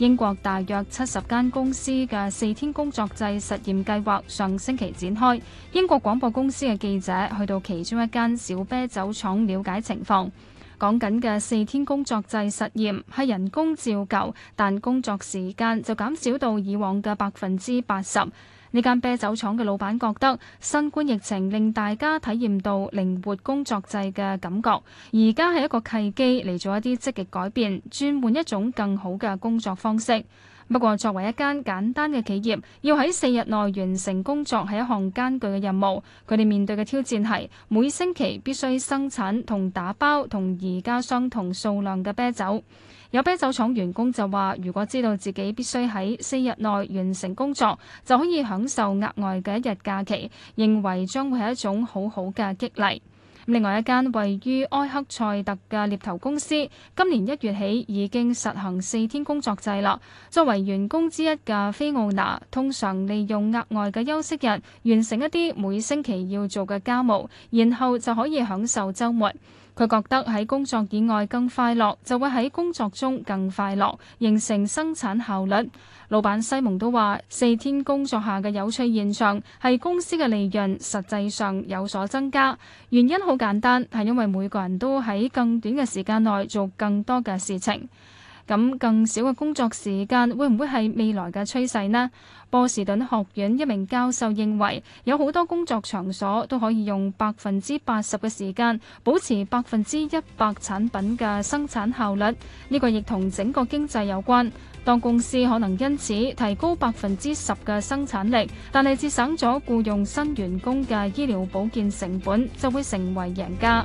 英國大約七十間公司嘅四天工作制實驗計劃上星期展開。英國廣播公司嘅記者去到其中一間小啤酒廠了解情況，講緊嘅四天工作制實驗係人工照舊，但工作時間就減少到以往嘅百分之八十。呢間啤酒廠嘅老闆覺得，新冠疫情令大家體驗到靈活工作制嘅感覺，而家係一個契機嚟做一啲積極改變，轉換一種更好嘅工作方式。不過，作為一間簡單嘅企業，要喺四日內完成工作係一項艱巨嘅任務。佢哋面對嘅挑戰係每星期必須生產同打包同而家相同數量嘅啤酒。有啤酒廠員工就話，如果知道自己必須喺四日內完成工作，就可以享受額外嘅一日假期，認為將會係一種好好嘅激勵。另外一間位於埃克塞特嘅獵頭公司，今年一月起已經實行四天工作制啦。作為員工之一嘅菲奧娜，通常利用額外嘅休息日，完成一啲每星期要做嘅家務，然後就可以享受週末。佢覺得喺工作以外更快樂，就會喺工作中更快樂，形成生產效率。老闆西蒙都話，四天工作下嘅有趣現象係公司嘅利潤實際上有所增加，原因好簡單，係因為每個人都喺更短嘅時間內做更多嘅事情。咁更少嘅工作時間會唔會係未來嘅趨勢呢？波士頓學院一名教授認為，有好多工作場所都可以用百分之八十嘅時間保持百分之一百產品嘅生產效率。呢個亦同整個經濟有關。當公司可能因此提高百分之十嘅生產力，但係節省咗僱用新員工嘅醫療保健成本，就會成為贏家。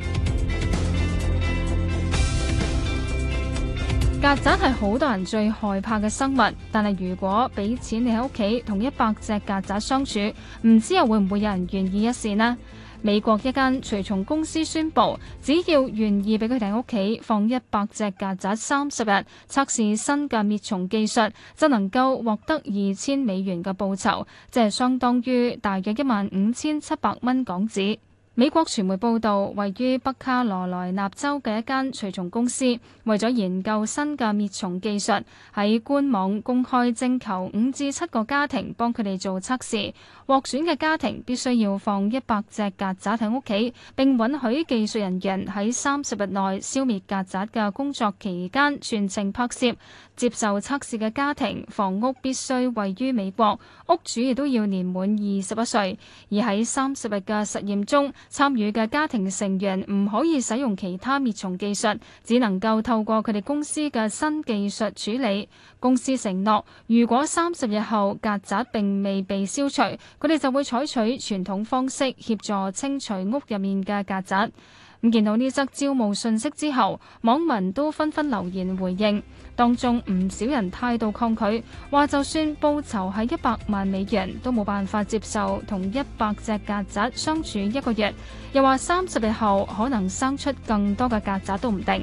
曱甴係好多人最害怕嘅生物，但係如果俾錢你喺屋企同一百隻曱甴相處，唔知又會唔會有人願意一試呢？美國一間除蟲公司宣布，只要願意俾佢哋喺屋企放一百隻曱甴三十日，測試新嘅滅蟲技術，就能夠獲得二千美元嘅報酬，即係相當於大約一萬五千七百蚊港紙。美國傳媒報道，位於北卡羅來納州嘅一間除蟲公司，為咗研究新嘅滅蟲技術，喺官網公開徵求五至七個家庭幫佢哋做測試，獲選嘅家庭必須要放一百隻曱甴喺屋企，並允許技術人員喺三十日內消滅曱甴嘅工作期間全程拍攝。接受測試嘅家庭房屋必須位於美國，屋主亦都要年滿二十一歲，而喺三十日嘅實驗中，參與嘅家庭成員唔可以使用其他滅蟲技術，只能夠透過佢哋公司嘅新技術處理。公司承諾，如果三十日後曱甴並未被消除，佢哋就會採取傳統方式協助清除屋入面嘅曱甴。見到呢則招募訊息，之後，網民都紛紛留言回應，當中唔少人態度抗拒，話就算報酬係一百萬美元都冇辦法接受，同一百隻曱甴相處一個月，又話三十日後可能生出更多嘅曱甴都唔定。